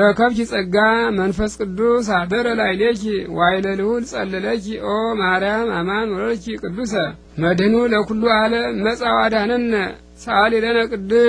ረከብኪ ጸጋ መንፈስ ቅዱስ አደረ ላይሌኪ ዋይለ ልዑል ጸልለኪ ኦ ማርያም አማን ወረኪ ቅዱሰ መድህኑ ለኩሉ ዓለም መጻ ዋዳነነ ሰአሊ ለነ ቅዱስ